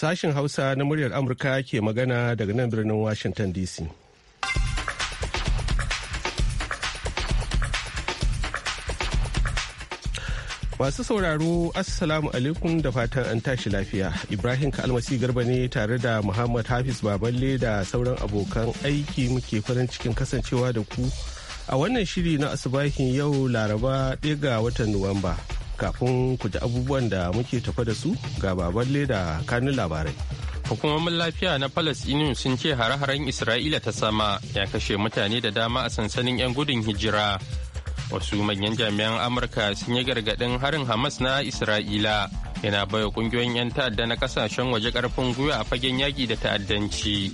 Sashen Hausa na muryar Amurka ke magana daga nan birnin Washington DC. Masu sauraro Assalamu alaikum da fatan an tashi lafiya. Ibrahim Kalmasi Garba ne tare da Muhammad Hafiz Baballe da sauran abokan aiki muke farin cikin kasancewa da ku a wannan shiri na asubahin yau Laraba 1 ga watan Nuwamba. kafin ku ji abubuwan da muke tafa da su ga baban leda kanun labarai hukumomin lafiya na palestinian sun ce hare-haren isra'ila ta sama ya kashe mutane da dama a sansanin 'yan gudun hijira wasu manyan jami'an amurka sun yi gargaɗin harin hamas na isra'ila yana baiwa ƙungiyoyin 'yan ta'adda na ƙasashen waje ƙarfin gwiwa a fagen yaƙi da ta'addanci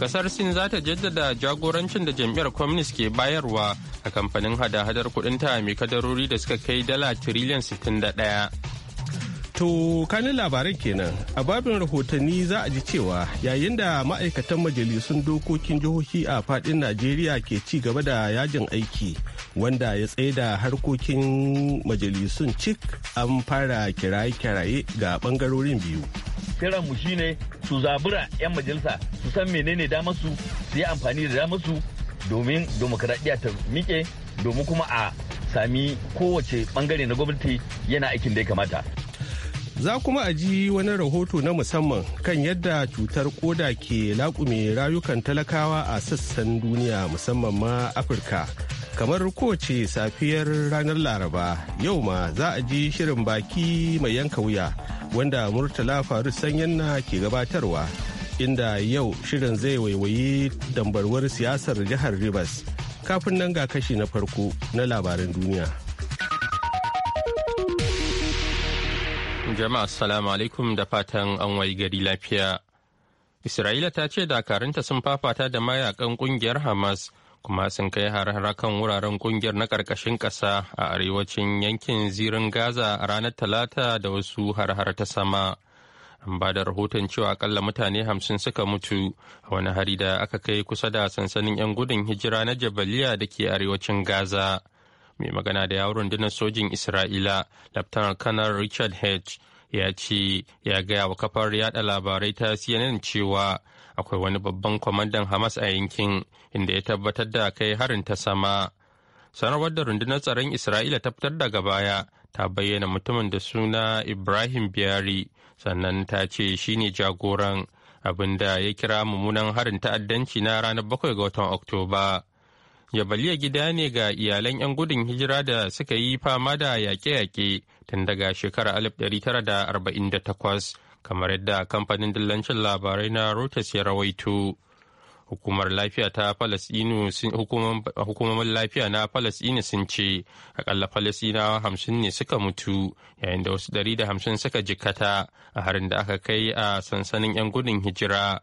Kasar Sin za ta jaddada jagorancin da jam'iyyar Communist ke bayarwa a kamfanin hada-hadar kuɗin ta mai kadarori da suka kai dala tiriliyan 61. To kanin labarin kenan a babin rahotanni za a ji cewa yayin da ma'aikatan majalisun dokokin jihohi a fadin Najeriya ke ci gaba da yajin aiki wanda ya tsaida harkokin majalisun cik an fara kiraye-kiraye ga bangarorin biyu. kiran mu shine su zabura 'yan majalisa su san menene damarsu su yi amfani da damarsu domin demokradiyya ta miƙe domin kuma a sami kowace bangare na gwamnati yana aikin da ya kamata. Za kuma a ji wani rahoto na musamman kan yadda cutar koda ke laƙume rayukan talakawa a sassan duniya musamman ma Afirka. kamar kowace safiyar ranar laraba yau ma za a ji shirin baki mai yanka wuya wanda murtala faru sanyanna ke gabatarwa inda yau shirin zai waiwayi dambarwar siyasar jihar rivers kafin nan ga kashi na farko na labaran duniya jama'a assalamu alaikum da fatan an wai gari lafiya Isra'ila ta ce dakarunta sun fafata da mayakan kungiyar Hamas kuma sun kai har kan wuraren kungiyar na ƙarƙashin ƙasa a arewacin yankin zirin gaza a ranar talata da wasu har ta sama an ba da rahoton cewa akalla mutane hamsin suka mutu a wani hari da aka kai kusa da sansanin 'yan gudun hijira na jabaliya da ke arewacin gaza mai magana da yawon rundunar sojin isra'ila laftanar kanar richard h ya ce ya gaya wa kafar yada labarai ta cnn cewa akwai wani babban kwamandan hamas a yankin inda ya tabbatar da kai harin ta sama sanarwar da rundunar tsaron isra'ila ta fitar daga baya ta bayyana mutumin da suna ibrahim biyari sannan ta ce shi ne jagoran abin da ya kira mummunan harin ta'addanci na ranar bakwai ga watan oktoba jabaliya gida ne ga iyalan 'yan gudun hijira da suka yi fama da yaƙe-yaƙe tun daga shekarar 1948 kamar yadda kamfanin dillancin labarai na Reuters ya rawaito. Hukumar lafiya ta hukumomin lafiya na Falasɗinu sun ce akalla Falasɗinawa hamsin ne suka mutu yayin da wasu ɗari da hamsin suka jikkata a harin da aka kai a sansanin 'yan gudun hijira.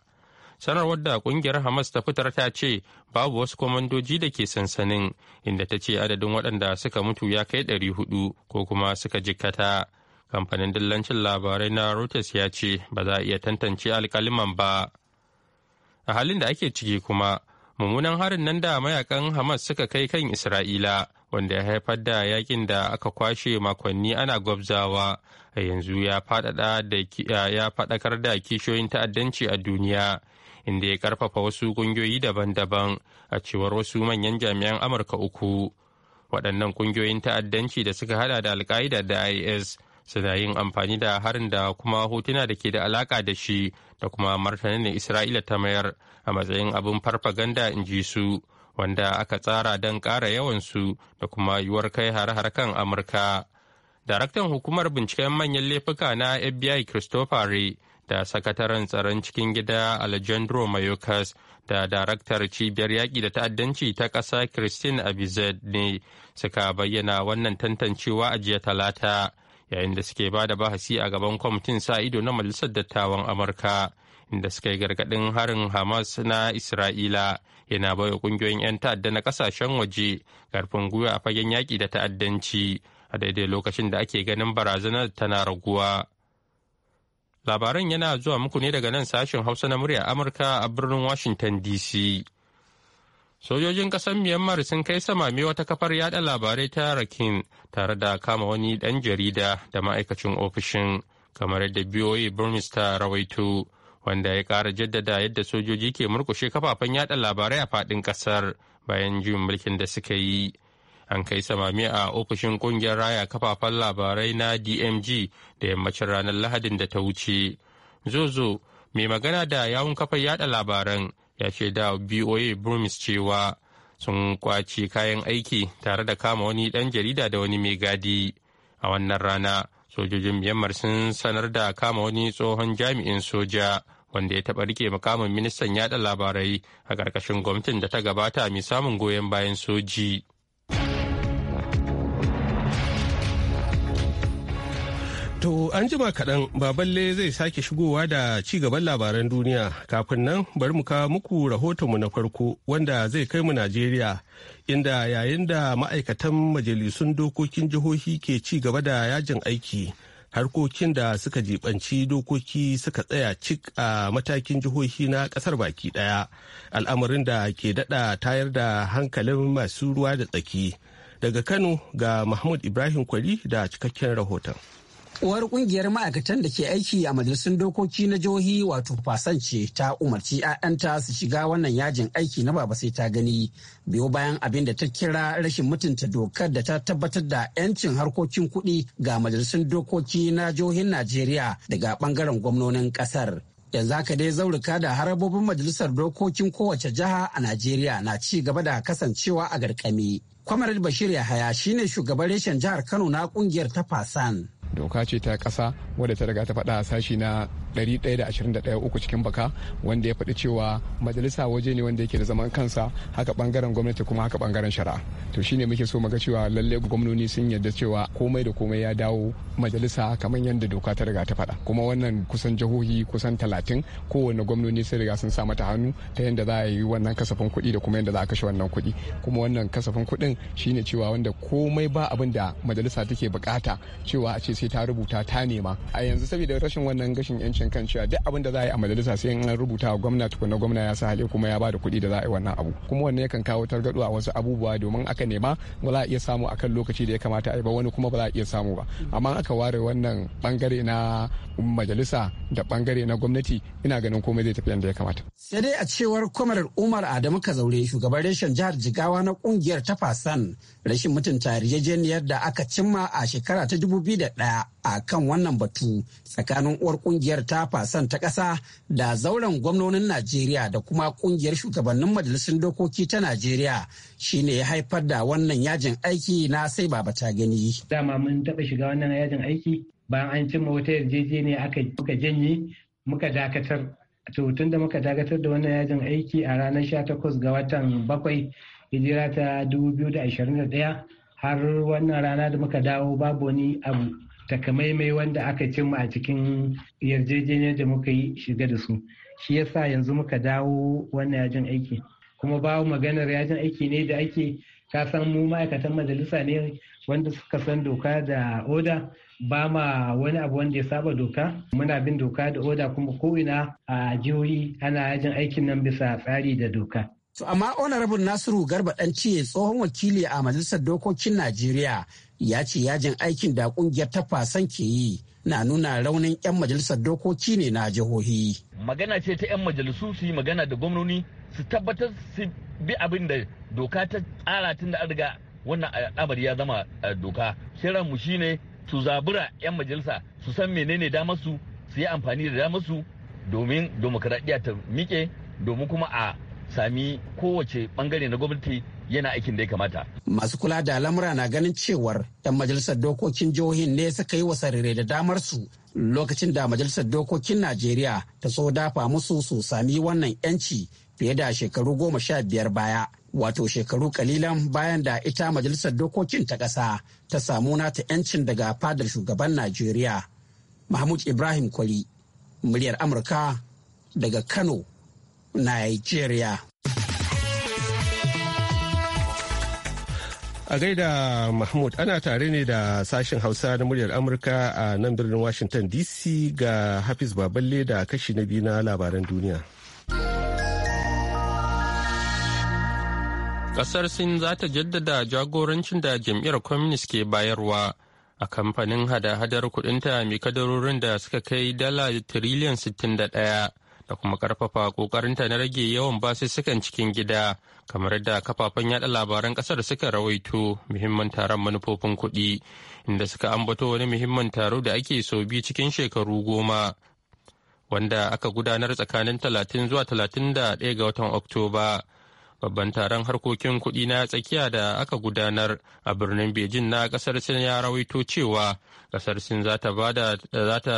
sanarwar da kungiyar hamas ta fitar ta ce babu wasu kwamandoji da ke sansanin inda ta ce adadin waɗanda suka mutu ya kai ɗari 400 ko kuma suka jikata kamfanin dillancin labarai na reuters ya ce ba za a iya tantance alkaliman ba a halin da ake ciki kuma mummunan harin nan da mayakan hamas suka kai kan isra'ila wanda ya haifar da yakin da aka kwashe makonni ana gwabzawa a yanzu ya faɗakar da kishiyoyin ta'addanci a duniya inda ya karfafa wasu kungiyoyi daban-daban a cewar wasu manyan jami'an amurka uku waɗannan ƙungiyoyin ta'addanci da suka hada da alka'ida da is suna yin amfani da harin da kuma hotuna da ke da alaka da shi da kuma martanin da isra'ila ta mayar a matsayin abin farfaganda in ji su wanda aka tsara don ƙara su da kuma yiwuwar kai har-har kan amurka daraktan hukumar binciken manyan laifuka na fbi christopher Ray, da sakataren tsaron cikin gida alejandro mayorkas da daraktar cibiyar yaƙi da ta'addanci ta ƙasa christine abizet ne suka bayyana wannan tantancewa a jiya talata yayin da suke ba da bahasi a gaban kwamitin sa ido na majalisar dattawan amurka inda suka yi gargaɗin harin hamas na isra'ila yana baiwa kungiyoyin 'yan ta'adda na kasashen waje karfin gwiwa a fagen yaƙi da ta'addanci a daidai lokacin da ake ganin barazanar tana raguwa labaran yana zuwa muku ne daga nan sashen hausa na murya amurka a birnin washington dc Sojojin ƙasar Myanmar sun kai samame wata kafar yada labarai ta Rakin tare da kama wani ɗan jarida da ma'aikacin ofishin kamar yadda BOA Burmese ta rawaito wanda ya ƙara jaddada yadda sojoji ke murkushe kafafen yada labarai a faɗin ƙasar bayan juyin mulkin da suka yi. An kai samame a ofishin ƙungiyar raya kafafen labarai na DMG da yammacin ranar Lahadin da ta wuce. Zozo mai magana da yawun kafar yada labaran ya shaida wa BOA Burmis cewa sun kwace kayan aiki tare da kama wani ɗan jarida da wani mai gadi. A wannan rana, sojojin Myanmar sun sanar da kama wani tsohon jami'in soja wanda ya taɓa rike makamin ministan yada labarai a ƙarƙashin gwamnatin da ta gabata mai samun goyon bayan soji. To an jima kaɗan baballe zai sake shigowa da ci gaban labaran duniya kafin nan bari mu kawo muku rahotonmu na farko wanda zai kai mu Najeriya inda yayin da ma'aikatan majalisun dokokin jihohi ke ci gaba da yajin aiki harkokin da suka jibanci dokoki suka tsaya cik a matakin jihohi na ƙasar baki ɗaya al'amarin da ke daɗa tayar da hankalin masu ruwa da tsaki daga Kano ga Mahmud Ibrahim Kwari da cikakken rahoton. Uwar kungiyar ma'aikatan da ke aiki a majalisun dokoki na jihohi wato fasance ta umarci 'ya'yanta su shiga wannan yajin aiki na baba sai ta gani biyo bayan abin da ta kira rashin mutunta dokar da ta tabbatar da 'yancin harkokin kuɗi ga majalisun dokoki na jihohin Najeriya daga bangaren gwamnonin ƙasar. yanzu haka dai zaurika da harabobin majalisar dokokin kowace jiha a najeriya na ci gaba da kasancewa a garkami kwamar bashir yahaya shine shugaban reshen jihar kano na kungiyar ta fasan doka ce ta ƙasa wadda ta riga ta faɗa a sashi na 121 uku cikin baka wanda ya faɗi cewa majalisa waje ne wanda yake da zaman kansa haka bangaren gwamnati kuma haka bangaren shari'a to shine muke so mu ga cewa lalle gwamnoni sun yarda cewa komai da komai ya dawo majalisa kamar yadda doka ta riga ta faɗa kuma wannan kusan jihohi kusan talatin kowane gwamnoni sun riga sun sa mata hannu ta yadda za a yi wannan kasafin kuɗi da kuma yadda za a kashe wannan kuɗi kuma wannan kasafin kuɗin shine cewa wanda komai ba abin da majalisa take bukata cewa a ce sai ta rubuta ta nema a yanzu saboda rashin wannan gashin yancin tabbacin kan cewa duk abin da za a yi a majalisa sai in rubuta wa gwamna tukuna gwamna ya sa hali kuma ya ba da kuɗi da za a yi wannan abu kuma wannan yakan kawo targaɗo a wasu abubuwa domin aka nema ba za a iya samu akan lokaci da ya kamata a yi ba wani kuma ba za a iya samu ba amma aka ware wannan bangare na majalisa da bangare na gwamnati ina ganin komai zai tafi yadda ya kamata. sai dai a cewar kwamarar umar adamu kazaure shugaban reshen jihar jigawa na kungiyar tafasan rashin mutunta yarjejeniyar da aka cimma a shekara ta dubu biyu da ɗaya. a kan wannan batu tsakanin uwar kungiyar ta fasan ta ƙasa da zauren gwamnonin najeriya da kuma kungiyar shugabannin majalisun dokoki ta najeriya shine ya haifar da wannan yajin aiki na sai ba ta gani dama mun taɓa shiga wannan yajin aiki bayan an cimma wata yarjejeniya aka muka janye muka dakatar to tun da muka dakatar da wannan yajin aiki a ranar 18 ga watan bakwai hijira ta 2021 har wannan rana da muka dawo babu wani abu takamaimai wanda aka cimma a cikin yarjejeniyar da muka yi shiga da su shi yasa yanzu muka dawo wannan yajin aiki kuma babu maganar yajin aiki ne da ake ka san mu ma'aikatan majalisa ne wanda suka san doka da oda ba ma wani abu wanda ya saba doka muna bin doka da oda kuma ko'ina a jihohi ana yajin aikin nan bisa tsari da doka To amma Honorable Nasiru Garba ɗan ciye tsohon wakili a Majalisar Dokokin Najeriya ya ce yajin aikin da kungiyar tafasan ke yi na nuna raunin 'yan majalisar dokoki ne na jihohi. Magana ce ta 'yan majalisu su yi magana da gwamnoni su tabbatar su bi abin da doka ta tsara tun da an riga wannan al'amari ya zama eh, doka. shirin mu shine su zabura 'yan majalisa su san menene damarsu su yi amfani da damarsu domin demokradiyya ta mike domin kuma a sami kowace bangare na gwamnati yana aikin da ya kamata. Masu kula da lamura na ganin cewar 'yan majalisar dokokin jihohin ne suka yi wa sarere da damar su lokacin da majalisar dokokin Najeriya ta so dafa musu su sami wannan 'yanci fiye da shekaru goma sha biyar baya. Wato shekaru kalilan bayan da ita majalisar dokokin ta ƙasa ta samu nata 'yancin daga fadar shugaban Najeriya. Mahmud Ibrahim kwali muryar Amurka daga Kano, Nigeria. A gaida Mahmud ana tare ne da sashen Hausa na muryar Amurka a nan birnin Washington DC ga Hafiz Baballe da kashi na biyu na labaran duniya. Kasar Sin za ta jaddada jagorancin da jam'iyyar Communist ke bayarwa a kamfanin hada-hadar kudinta mai kadarorin da suka kai dala tiriliyan 61. da kuma karfafa kokarinta na rage yawan basussukan cikin gida kamar yadda kafafen yada labaran kasar suka rawaito muhimman taron manufofin kuɗi inda suka ambato wani muhimman taro da ake so biyu cikin shekaru goma wanda aka gudanar tsakanin 30 zuwa 31 ga watan oktoba babban taron harkokin kuɗi na tsakiya da aka gudanar a birnin Beijing na ƙasar Sin ya rawaito cewa ƙasar Sin za ta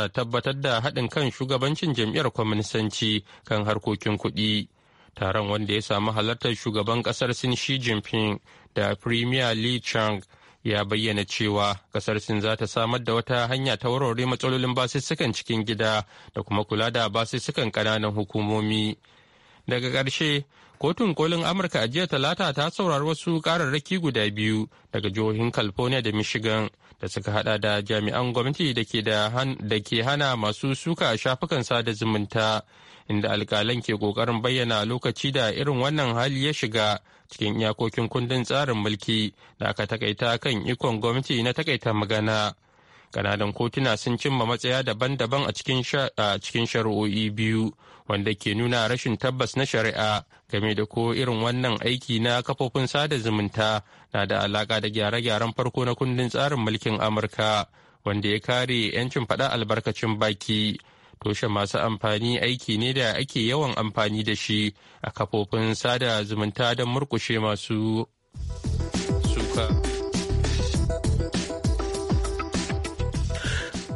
tabbatar da haɗin kan shugabancin jam'iyyar kwaminisanci kan harkokin kuɗi. Taron wanda ya samu halartar shugaban ƙasar Sin Xi Jinping da Premier Li Chang ya bayyana cewa ƙasar Sin za ta samar da wata hanya ta warware matsalolin basussukan cikin gida da kuma kula da basussukan ƙananan hukumomi. Daga ƙarshe, Kotun kolin Amurka a jiya talata ta saurari wasu ƙararraki guda biyu daga jihohin California da Michigan da suka hada da jami'an gwamnati da ke hana masu suka a shafukan sada zumunta inda alkalan ke ƙoƙarin bayyana lokaci da irin wannan hali ya shiga cikin iyakokin kundin tsarin mulki da aka takaita kan ikon gwamnati na takaita magana. kananan kotuna sun cimma matsaya daban-daban a cikin shari'o'i biyu wanda ke nuna rashin tabbas na shari'a game da ko irin wannan aiki na kafofin sada zumunta na da alaka da gyare-gyaren farko na kundin tsarin mulkin amurka wanda ya kare 'yancin faɗa albarkacin baki toshe masu amfani aiki ne da ake yawan amfani da shi a kafofin sada zumunta don murkushe masu suka.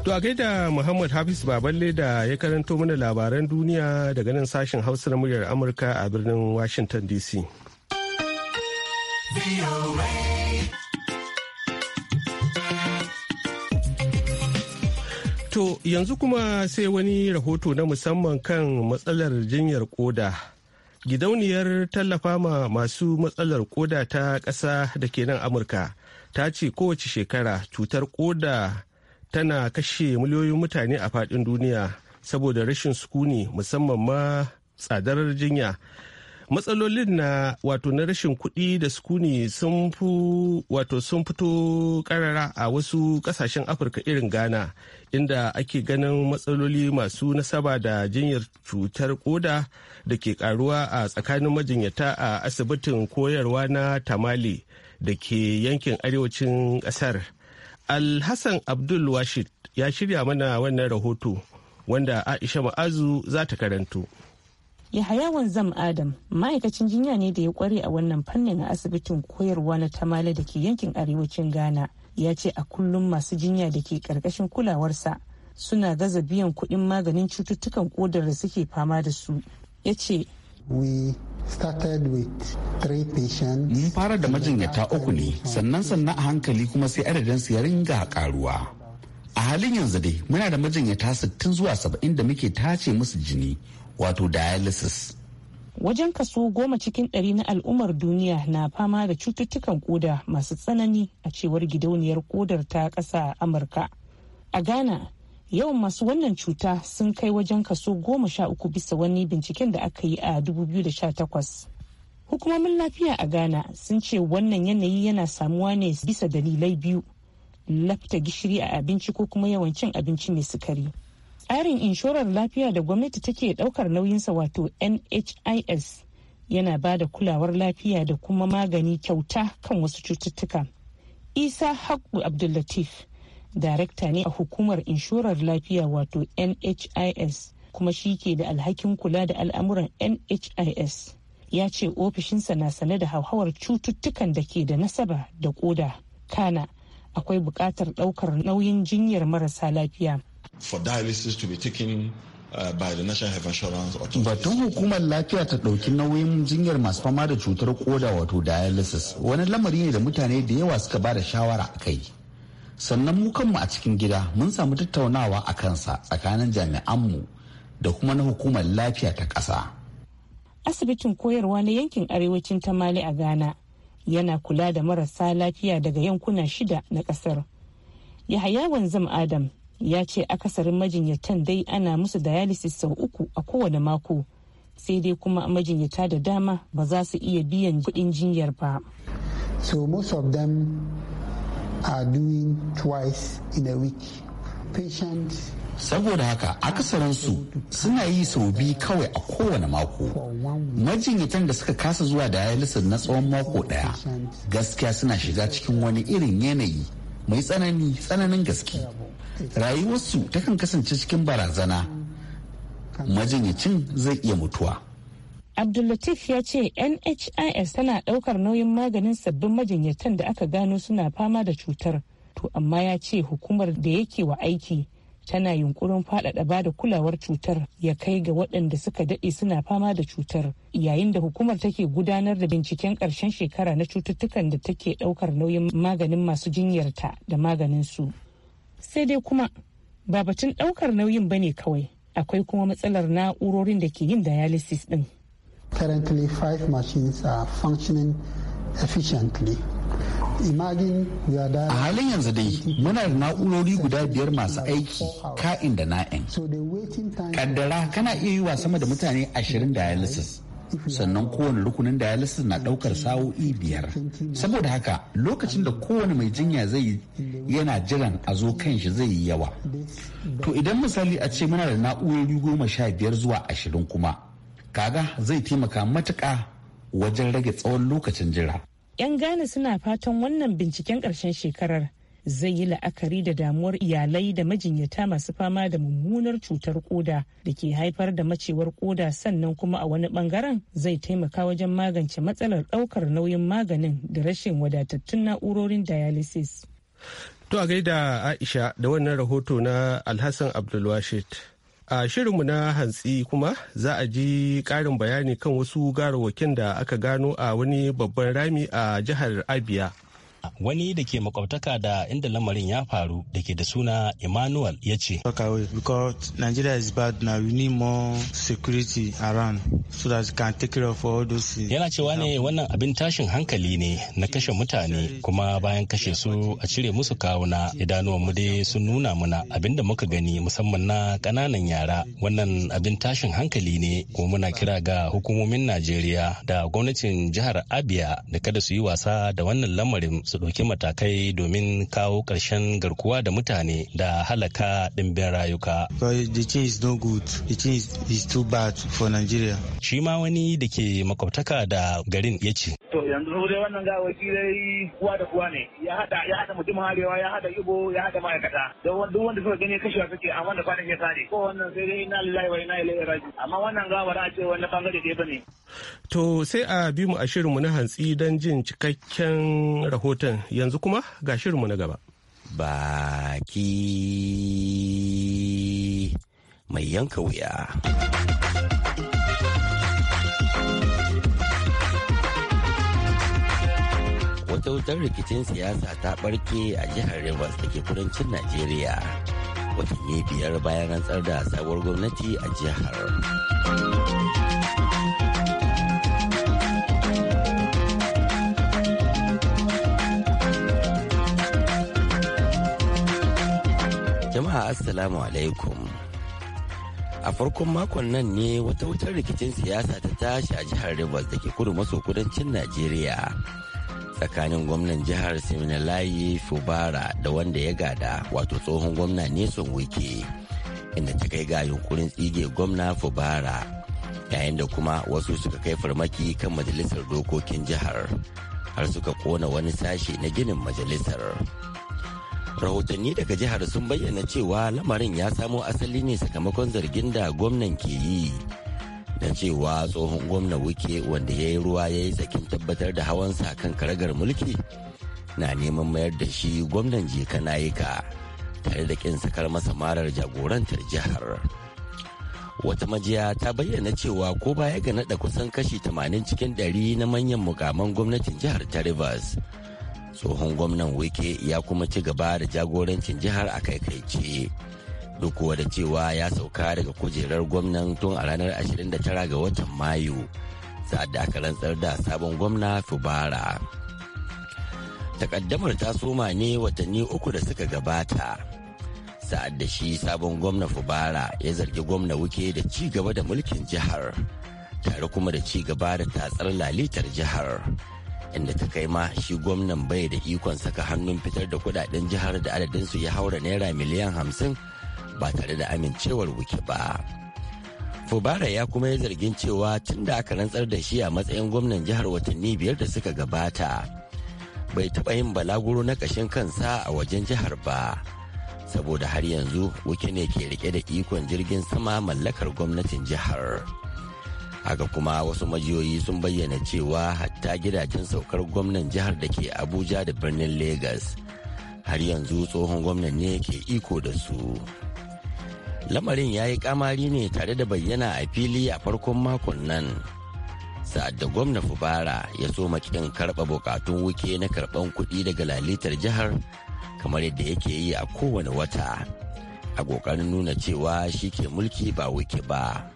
To a gaida Muhammad Hafiz Baballe da ya karanto mana labaran duniya daga nan sashen Hausa na muryar Amurka a birnin Washington DC. To yanzu kuma sai wani rahoto na musamman kan matsalar jinyar koda. Gidauniyar tallafa ma masu matsalar koda ta ƙasa da ke nan Amurka ta ce kowace shekara cutar koda tana kashe miliyoyin mutane a faɗin duniya saboda rashin sukuni musamman ma tsadar jinya matsalolin na wato na rashin kuɗi da sukuni sun fito ƙarara a wasu ƙasashen afirka irin ghana inda ake ganin matsaloli masu nasaba da jinyar cutar koda da ke karuwa a tsakanin majinyata a asibitin koyarwa na tamale da ke yankin arewacin ƙasar alhassan abdul washid ya shirya mana wannan rahoto wanda aisha ma'azu za ta karanto yahayawan zam adam ma'aikacin jinya ne da ya kware a wannan fannin a asibitin koyarwa na tamale da ke yankin arewacin ghana ya ce a kullum masu jinya da ke karkashin kulawarsa suna gaza biyan kuɗin maganin cututtukan kodar da suke fama da su ya ce Mun fara da majinyata uku ne, sannan sannan a hankali kuma sai adadin su ya ringa karuwa. A halin yanzu dai muna da majinyata sittin zuwa saba'in da muke tace musu jini, wato dialysis. Wajen kaso goma cikin ɗari na al'ummar duniya na fama da cututtukan koda masu tsanani a cewar gidauniyar kodar ta ƙasa Amurka. A Ghana, yawan masu wannan cuta sun kai wajen kaso goma sha uku bisa wani binciken da aka yi a dubu biyu da sha takwas hukumomin lafiya a ghana sun ce wannan yanayi yana samuwa ne bisa dalilai biyu lafta gishiri a abinci ko kuma yawan cin abinci mai sukari tsarin inshorar lafiya da gwamnati take daukar nauyinsa wato nhis yana ba da kulawar lafiya da kuma magani kyauta kan wasu cututtuka isa haku abdullatif darakta ne a hukumar inshorar lafiya wato nhis kuma shi ke da alhakin kula da al'amuran nhis ya ce ofishinsa na sane da hauhawar cututtukan da ke da nasaba da koda kana akwai bukatar ɗaukar nauyin jinyar marasa lafiya uh, Batun hukumar lafiya ta ɗauki nauyin jinyar masu fama da cutar koda wato dialysis wani lamari ne da mutane da yawa suka ba da shawara a kai. sannan mu kanmu a cikin gida mun samu tattaunawa a kansa tsakanin jami'anmu da kuma na hukumar lafiya ta ƙasa. asibitin koyarwa na yankin arewacin tamale a ghana yana kula da marasa lafiya daga yankuna shida na ƙasar yahaya wanzam adam ya ce akasarin majinyatan dai ana musu dialysis sau uku a kowane mako sai dai kuma majinyata da dama ba za su iya biyan kuɗin jinyar ba so most of them are doing twice in a week. Patients saboda haka akasarinsu suna yi sau biyu kawai a kowane mako majinyatan da suka kasa zuwa dialysis na tsawon mako daya gaskiya suna shiga cikin wani irin yanayi mai tsanani tsananin gaske rayuwarsu takan kasance cikin barazana majinyacin zai iya mutuwa abdullatif ya ce nhis tana ɗaukar nauyin maganin sabbin majinyatan da aka gano suna fama da cutar to amma ya ce hukumar da yake wa aiki tana yunkurin faɗaɗa ba da kulawar cutar ya kai ga waɗanda suka daɗe suna fama da cutar yayin da hukumar take gudanar da binciken ƙarshen shekara na cututtukan da take ɗaukar nauyin maganin masu jinyarta da maganin su sai dai kuma ba batun ɗaukar nauyin ba ne kawai akwai kuma matsalar na'urorin da ke yin dialysis ɗin Currently, five machines are functioning efficiently. A halin yanzu dai muna da na'urori guda biyar masu aiki ka'in da na'in. Kaddara kana iya yi wa sama da mutane ashirin dialysis. Sannan kowane rukunin dialysis na daukar sa'o'i biyar. Saboda haka lokacin da kowane mai jinya zai yana jiran a zo kan shi zai yi yawa. To idan misali a ce muna da na'urori goma sha biyar zuwa ashirin kuma. kaga zai taimaka matuƙa wajen rage tsawon lokacin jira. 'Yan Ghana suna fatan wannan binciken ƙarshen shekarar zai yi la'akari da damuwar iyalai da majinyata masu fama da mummunar cutar koda da ke haifar da macewar koda sannan kuma a wani bangaren zai taimaka wajen magance matsalar ɗaukar nauyin maganin da rashin wadatattun na'urorin dialysis. To a gaida Aisha da wannan rahoto na Alhassan Abdulwashid. a shirinmu na hantsi kuma za a ji ƙarin bayani kan wasu garawakin da aka gano a wani babban rami a jihar abia wani da ke makwabtaka da inda lamarin ya faru da ke da suna emmanuel ya ce yana cewa ne wannan abin tashin hankali ne na kashe mutane kuma bayan kashe su a cire musu kawuna mu dai sun nuna muna abin da muka gani musamman na kananan yara wannan abin tashin hankali ne kuma muna kira ga hukumomin najeriya da gwamnatin jihar abia da kada su yi wasa da wannan lamarin su ɗauki matakai domin kawo ƙarshen garkuwa da mutane da halaka ɗimbin rayuka. Shi ma wani da ke makwabtaka da garin ya ce. To yanzu dai wannan gawaki dai kuwa da kuwa ne ya hada ya hada mutum harewa ya hada ibo ya hada ma'aikata don duk wanda suka gani kashewa suke a wanda kwanan ya ne. ko wannan sai dai ina lillahi wa ina ilaihi raji amma wannan gawar a ce wannan bangare dai ne. To sai a bi mu a shirinmu na hantsi don jin cikakken rahoton Washington yanzu kuma ga shirinmu na gaba. Baki mai yanka wuya. Wata wutar rikicin siyasa ta barke a jihar Rivers da ke kudancin Najeriya. Watanni biyar bayan rantsar da sabuwar gwamnati a jihar. assalamu alaikum a farkon makon nan ne wata wutar rikicin siyasa ta tashi a jihar rivers da ke kudu maso kudancin najeriya tsakanin gwamnan jihar siminalayi fubara da wanda ya gada wato tsohon gwamna neson wike inda ta kai ga yunkurin tsige gwamna fubara yayin da kuma wasu suka kai farmaki kan majalisar dokokin jihar har suka kona wani sashe na ginin majalisar. rahotanni daga jihar sun bayyana cewa lamarin ya samo asali ne sakamakon zargin da gwamnan ke yi da cewa tsohon gwamna wuke wanda ya yi ruwa ya yi tsakin tabbatar da hawansa kan karagar mulki na neman mayar da shi gwamnan jeka nayika tare da kin sakar masa marar jagorantar jihar wata majiya ta bayyana cewa ko baya ga naɗa kusan kashi 80 cikin 100 na manyan mukaman gwamnatin jihar ta tsohon gwamnan wike ya kuma ci gaba da jagorancin jihar a kai-kai ce. duk da cewa ya sauka daga kujerar gwamnan tun a ranar 29 ga watan mayu sa'ad da aka rantsar da sabon gwamna fubara takaddamar ta soma ne watanni uku da suka gabata sa'ad da shi sabon gwamna fubara ya zargi gwamna wuke da ci gaba da mulkin jihar tare kuma da ci gaba da tatsar lalitar jihar inda ta kai ma shi gwamnan bai da ikon saka hannun fitar da kudaden jihar da adadin su ya haura naira miliyan hamsin ba tare da amincewar wuke ba. Fubara ya kuma yi zargin cewa tun da aka rantsar da shi a matsayin gwamnan jihar watanni biyar da suka gabata bai taɓa yin balaguro na ƙashin kansa a wajen jihar ba. Saboda har yanzu wuke ne ke rike da ikon jirgin sama mallakar gwamnatin jihar. haka kuma wasu majiyoyi sun bayyana cewa hatta gidajen saukar gwamnan jihar da ke abuja da birnin lagos har yanzu tsohon gwamnan ne ke iko da su lamarin ya yi kamari ne tare da bayyana a fili a farkon makon nan sa'ad da gwamna fubara ya so makin karɓa bukatun wuke na karɓar kuɗi daga lalitar jihar kamar yadda yake yi a kowane wata a ƙoƙarin nuna cewa shi ke mulki ba wuke ba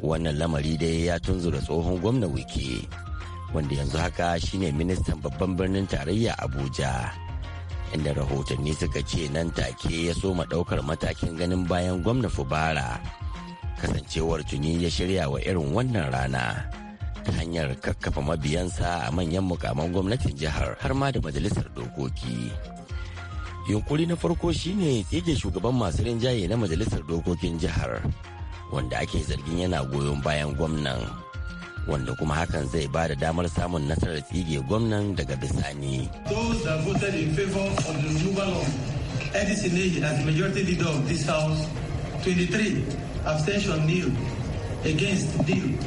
wannan lamari dai ya tunzura tsohon gwamna wike wanda yanzu haka shine ministan babban birnin tarayya abuja inda rahotanni suka ce nan take ya soma ɗaukar matakin ganin bayan gwamna fubara kasancewar tuni ya shirya wa irin wannan rana ta hanyar kakkafa mabiyansa a manyan mukaman gwamnatin jihar har ma da majalisar dokoki yunkuri na farko shine tsige shugaban masu rinjaye na majalisar dokokin jihar wanda ake zargin yana goyon bayan gwamnan wanda kuma hakan zai ba da damar samun nasarar tsige gwamnan daga bisani. Edison Age as majority leader of this house, 23 abstention nil against nil.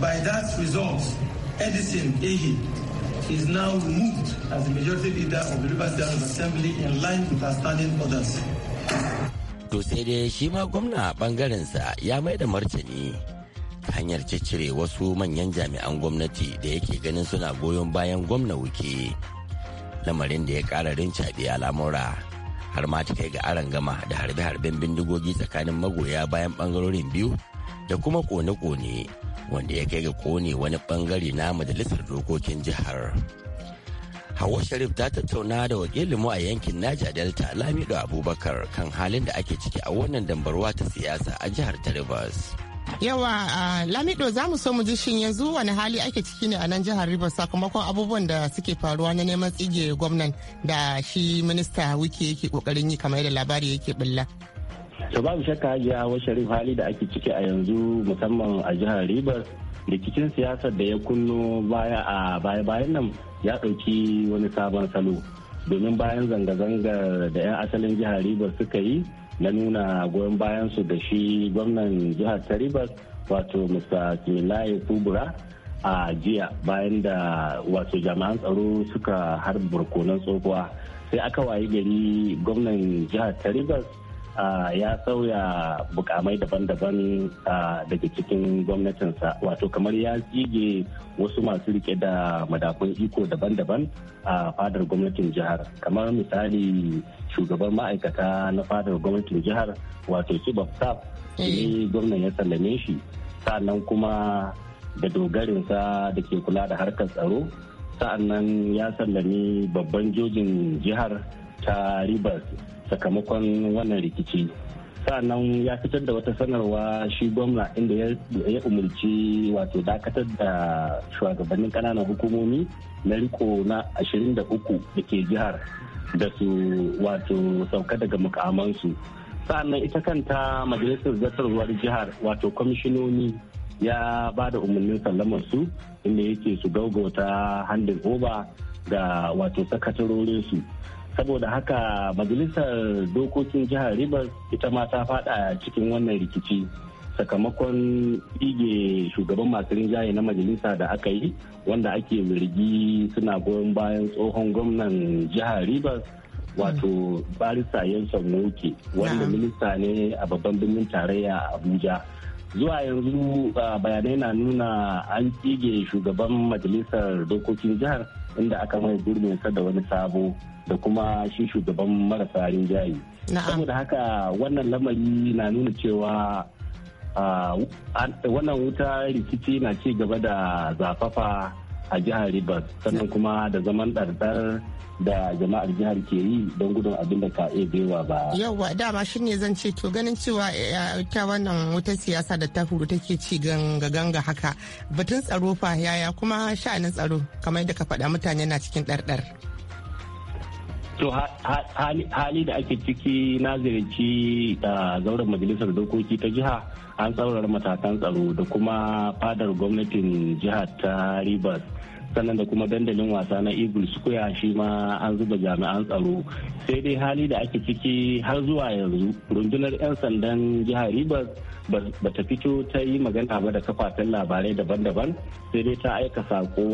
By that result, Edison Ehi is now removed as the majority leader of the Rivers Assembly in line with our standing orders. to sai dai shi ma gwamna bangarensa ya mai da martani ta hanyar ciccire wasu manyan jami'an gwamnati da yake ganin suna goyon bayan gwamna wuke lamarin da ya ƙara rincaɓe lamura, har ma ta kai ga aron gama da harbe-harben bindigogi tsakanin magoya bayan bangarorin biyu da kuma kone-kone wanda ya kai ga kone wani bangare na majalisar dokokin jihar Hawa Sharif ta tattauna da wakilinmu a yankin Naja Delta Lamido Abubakar kan halin da ake ciki a wannan dambarwa ta siyasa a jihar ta Rivers. Yawa Lamido za mu so mu ji shin yanzu wani hali ake ciki ne a nan jihar Rivers sakamakon abubuwan da suke faruwa na neman tsige gwamnan da shi minista wiki yake kokarin yi kamar yadda labari yake bulla. To babu shakka hajiya wa sharif hali da ake ciki a yanzu musamman a jihar Rivers rikicin siyasar da ya kunno baya a baya-bayan nan ya ɗauki wani sabon salo domin bayan zanga-zangar da 'yan asalin jihar ribas suka yi na nuna goyon bayansu da shi gwamnan jihar ta ribas wato mr kimilaye kubura a jiya bayan da wato jami'an tsaro suka har barkonan tsohuwa sai aka wayi gari gwamnan jihar taribas ya sauya bukamai daban-daban daga cikin gwamnatinsa wato kamar ya jige wasu masu rike da madafun iko daban-daban a fadar gwamnatin jihar kamar misali shugaban ma'aikata na fadar gwamnatin jihar wato chief staff ne eh. gwamnan ya sallame shi sannan kuma da dogarinsa da ke kula da harkar tsaro sa'annan ya sallami babban jojin jihar ta rivers sakamakon wannan rikici sa'annan ya fitar da wata sanarwa shi gwamna inda ya umarci wato dakatar da shugabannin kananan hukumomi na riko na 23 da ke jihar da su wato sauka daga mukamansu sa'annan ita kanta majalisar zartarwar jihar wato kwamishinoni ya ba da umarnin sallamar su inda yake su gaugauta handin oba ga wato sakatarorinsu saboda haka majalisar dokokin jihar rivers ita ma ta fada cikin wannan rikici sakamakon ige shugaban masu rinjaye na majalisa da aka yi wanda ake zargi suna goyon bayan tsohon gwamnan jihar rivers wato barista yansan woke wanda minista ne a babban birnin tarayya abuja zuwa yanzu bayanai na nuna an tsige shugaban majalisar dokokin jihar inda aka mai gurbin da wani sabo da kuma shi shugaban marasa rinjaye saboda haka wannan lamari na nuna cewa wannan wuta rikici na ci gaba da zafafa a jihar Rivers sannan kuma da zaman ɗarɗar da jama'ar jihar ke yi don gudun abin da ka iya baiwa ba. Yawwa dama shi ne zan ce to ganin cewa eh, ta wannan wata siyasa da ta huru take ci ganga ganga haka batun tsaro fa yaya kuma sha'anin tsaro kamar da ka faɗa mutane na cikin ɗarɗar. to hali da ake ciki na ziyarci ah, zauren majalisar dokoki ta jiha an tsaurar matakan tsaro da kuma fadar gwamnatin jihar ta rivers sannan da kuma dandalin wasa na eagle square shi ma an zuba jami'an tsaro sai dai hali da ake ciki har zuwa yanzu rundunar 'yan sandan jihar ribas ba ta fito ta yi magana ba da kafafen labarai daban-daban sai dai ta aika sako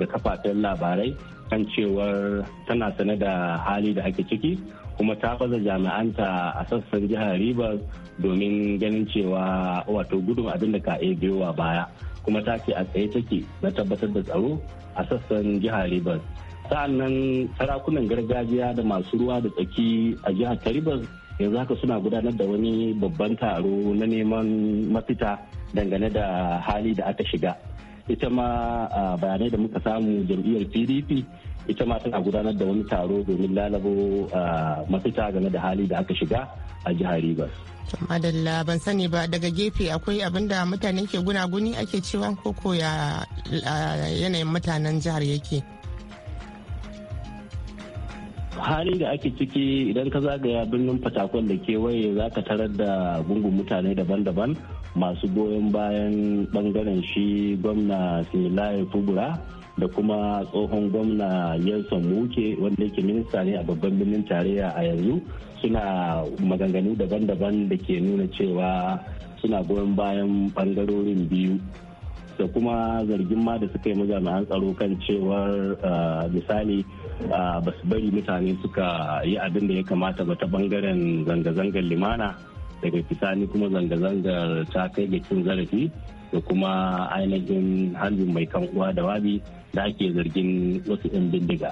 da kafafen labarai kan cewar tana sane da hali da ake ciki kuma ta faza jami'anta a sassan jihar Rivers domin ganin cewa wato gudun abin da ka iya baya kuma ta ce a tsaye take na tabbatar da tsaro a sassan jihar Rivers. sa'annan sarakunan gargajiya da masu ruwa da tsaki a jihar ta Rivers yanzu haka suna gudanar da wani babban taro na neman mafita dangane da hali da aka shiga. Ita ma ah, bayanai da muka samu jam'iyyar PDP ita ma tana gudanar da wani taro domin lalabo ah, mafita game da hali da aka shiga a jihar Rivers. Madalla ban sani ba daga gefe akwai abin da mutane ke gunaguni ake cewa koko ya ah, yanayin mutanen jihar yake. hali da ake ciki idan ka zagaya birnin fatakon da kewaye za ka tarar da gungun mutane daban-daban masu goyon bayan bangaren shi gwamna similaye fubura da kuma tsohon gwamna yanson Muke wanda yake minista ne a babban birnin tarayya a yanzu suna maganganu daban-daban da ke nuna cewa suna goyon bayan bangarorin biyu da kuma zargin ma da suka yi majami'an tsaro kan cewar misali ba su bari mutane suka yi abin da ya kamata ba ta bangaren zanga-zangar limana daga bisani kuma zanga-zangar ta kai ga cin zarafi da kuma ainihin harbin mai kan uwa da wabi da ake zargin wasu 'yan bindiga.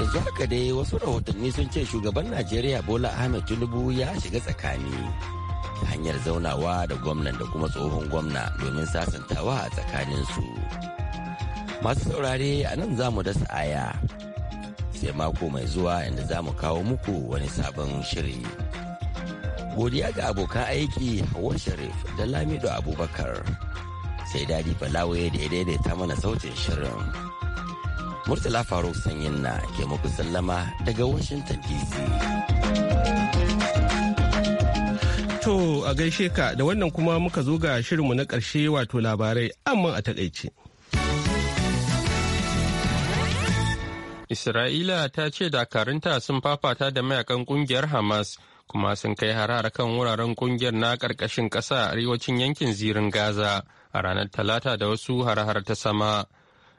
yanzu haka dai wasu rahotanni sun ce shugaban najeriya bola ahmed tinubu ya shiga tsakani ta hanyar zaunawa da gwamnan da kuma tsohon gwamna domin sasantawa a tsakaninsu masu saurare a nan za mu dasa aya sai mako mai zuwa inda za mu kawo muku wani sabon shiri. Godiya ga abokan aiki Hawwa Sharif da Lamido Abubakar sai Dadi Balawe da ya daidaita mana sautin shirin. Murtala Faruk Sanyin na ke muku sallama daga Washington DC. To a gaishe ka da wannan kuma muka zo ga shirinmu na ƙarshe wato labarai amma a takaice. Isra'ila ta ce dakarunta sun fafata da mayakan kungiyar Hamas kuma sun kai harar kan wuraren kungiyar na ƙarƙashin ƙasa a arewacin yankin zirin Gaza a ranar Talata da wasu harhar ta sama.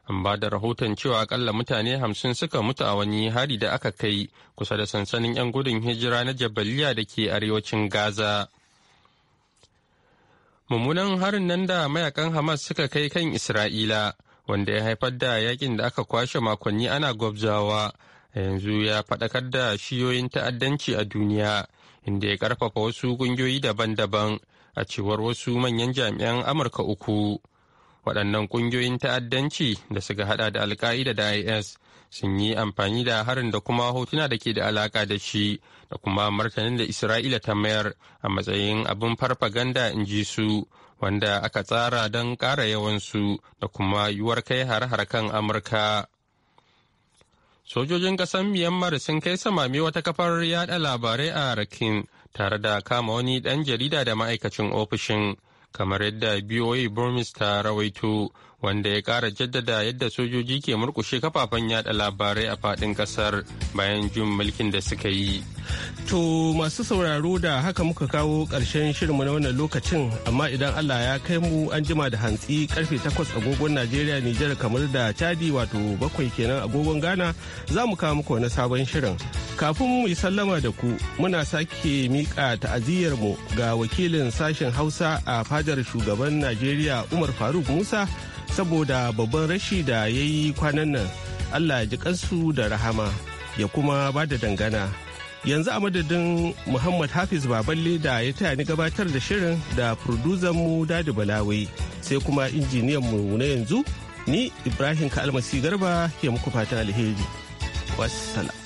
An ba da rahoton cewa akalla mutane hamsin suka mutu a wani hari da aka kai kusa da sansanin 'yan gudun hijira na Jabaliya da ke arewacin Gaza. Mummunan harin nan da mayakan Hamas suka kai kan Isra'ila. wanda ya haifar da yakin da aka kwashe makonni ana gwabzawa yanzu ya faɗakar da shiyoyin ta'addanci a duniya inda ya ƙarfafa wasu ƙungiyoyi daban-daban a cewar wasu manyan jami'an amurka uku waɗannan ƙungiyoyin ta'addanci da suka haɗa da alka'ida da is sun yi amfani da harin da kuma hotuna da ke da alaƙa da shi da kuma martanin da isra'ila ta mayar a matsayin abin farfaganda in ji su wanda aka tsara don ƙara yawansu da kuma yiwuwar kai har-har kan Amurka. Sojojin ƙasar Myanmar sun kai samami wata kafar yada labarai a Rakin tare da kama wani ɗan jarida da ma'aikacin ofishin, kamar yadda BOA Burmese ta rawaito wanda ya kara jaddada yadda sojoji ke murkushe kafafen yada labarai a fadin kasar bayan jin mulkin da suka yi. To masu sauraro da haka muka kawo ƙarshen shirinmu na wannan lokacin amma idan Allah ya kai mu an jima da hantsi karfe takwas agogon Najeriya Nijar kamar da Chadi wato bakwai kenan agogon Ghana za mu kawo muku wani sabon shirin. Kafin mu yi sallama da ku muna sake miƙa ta'aziyyar mu ga wakilin sashen Hausa a fadar shugaban Najeriya Umar Faruk Musa saboda babban rashi da ya yi kwanan nan allah ya ji kansu da rahama ya kuma ba da dangana yanzu a madadin muhammad hafiz baballe da ya taya ni gabatar da shirin da mu dadi balawai sai kuma injiniyan mu na yanzu ni ibrahim kalmasi garba ke muku fatan alheri wassalam